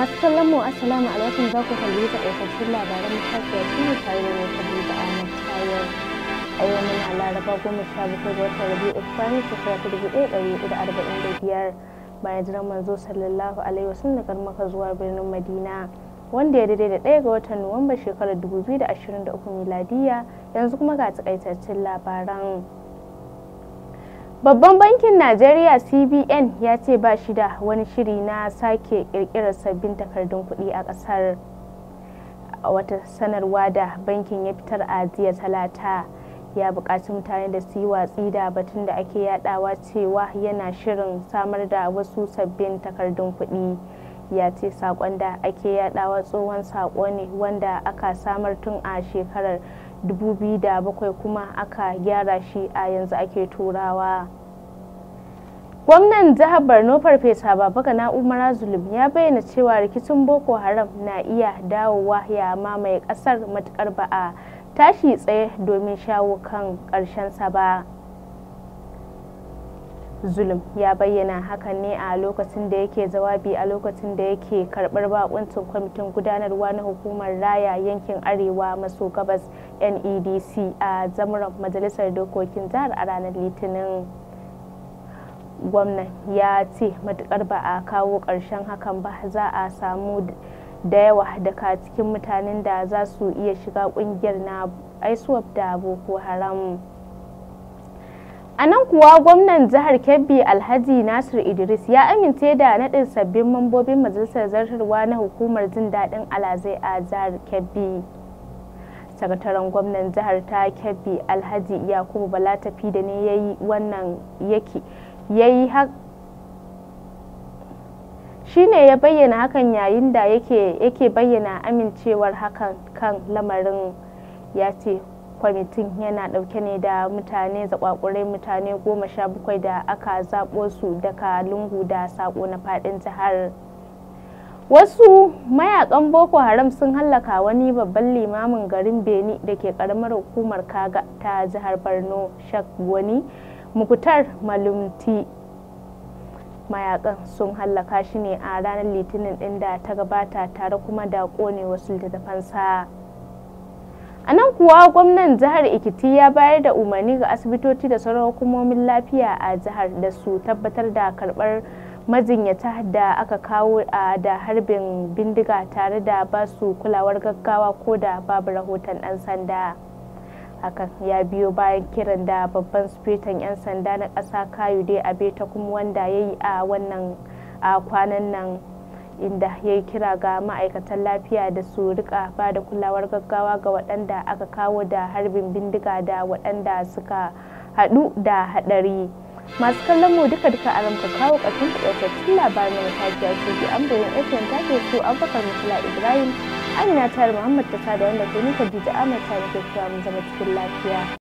masu kallon mu assalamu alaikum za ku kalli takaitattun labaran matasiyar shi ne tare da wata kalli da ahmad tayar a yau muna laraba goma sha bakwai ga watan rabi'u tsakanin shekara ta dubu ɗaya ɗari uku da arba'in da biyar bayan jiran manzo sallallahu alaihi wasallam daga maka zuwa birnin madina wanda ya daidai da ɗaya ga watan nuwamba shekarar dubu biyu da ashirin da uku miladiya yanzu kuma ga taƙaitaccen labaran Babban bankin Najeriya CBN ya ce ba shi da wani shiri na sake kirkirar sabbin takardun kuɗi a ƙasar wata sanarwa da bankin ya fitar a jiya talata ya buƙaci mutane da su yi watsi da batun da ake yadawa cewa yana shirin samar da wasu sabbin takardun kuɗi ya ce saƙon da ake yadawa tsohon saƙo ne wanda aka samar tun a shekarar 2007 kuma aka gyara shi a yanzu ake turawa. Gwamnan jihar Borno Farfesa Babaka na Umar Zulum ya bayyana cewa rikicin Boko Haram na iya dawowa ya mamaye kasar matukar ba a tashi tsaye domin shawo kan karshen sa ba. Zulum ya bayyana hakan ne a lokacin da yake jawabi a lokacin da yake karbar bakuncin kwamitin gudanarwa na hukumar raya yankin arewa maso gabas NEDC a zamurar majalisar dokokin jihar a ranar litinin. gwamnan ya ce matukar ba a kawo ƙarshen hakan ba za a samu da yawa daga cikin mutanen da za su iya shiga kungiyar na iswap da boko haram a nan kuwa gwamnan jihar kebbi alhaji nasir idris ya amince da naɗin sabbin mambobin majalisar zartarwa na hukumar jin daɗin alazai a jihar kebbi sakataren gwamnan jihar ta kebbi alhaji yakubu bala tafi da ne ya yi wannan yake yayi haka shi ne ya bayyana hakan yayin da yake bayyana amincewar hakan kan lamarin ya ce kwamitin yana ɗauke ne da mutane zakwakurai mutane goma sha bakwai da aka zaɓo su daga lungu da saƙo na faɗin jihar wasu mayakan boko haram sun hallaka wani babban limamin garin beni da ke ƙaramar hukumar kaga ta jihar borno shak wani muktar malumti mayakan sun hallaka shi ne a ranar litinin din da ta gabata tare kuma da kone wasu littattafansa a nan kuwa gwamnan jihar ikiti ya bayar da umarni ga asibitoci da sauran hukumomin lafiya a jihar da su tabbatar da karbar majinyata da aka kawo a da harbin bindiga tare da ba su kulawar gaggawa ko da babu rahoton dan sanda. hakan ya biyo bayan kiran da babban sufetan 'yan sanda na ƙasa kayude abeta kuma wanda ya yi a wannan a kwanan nan inda ya yi kira ga ma'aikatan lafiya da su rika ba da kulawar gaggawa ga waɗanda aka kawo da harbin bindiga da waɗanda suka haɗu da haɗari masu kallon mu duka duka a ranka kawo ƙarshen tun labarin da ta fiye su an bayan fm ta ke so abubakar mutula ibrahim Amina Tahir Muhammad ta sada wanda ke ni Khadija Ahmad ta ke cewa zama cikin lafiya.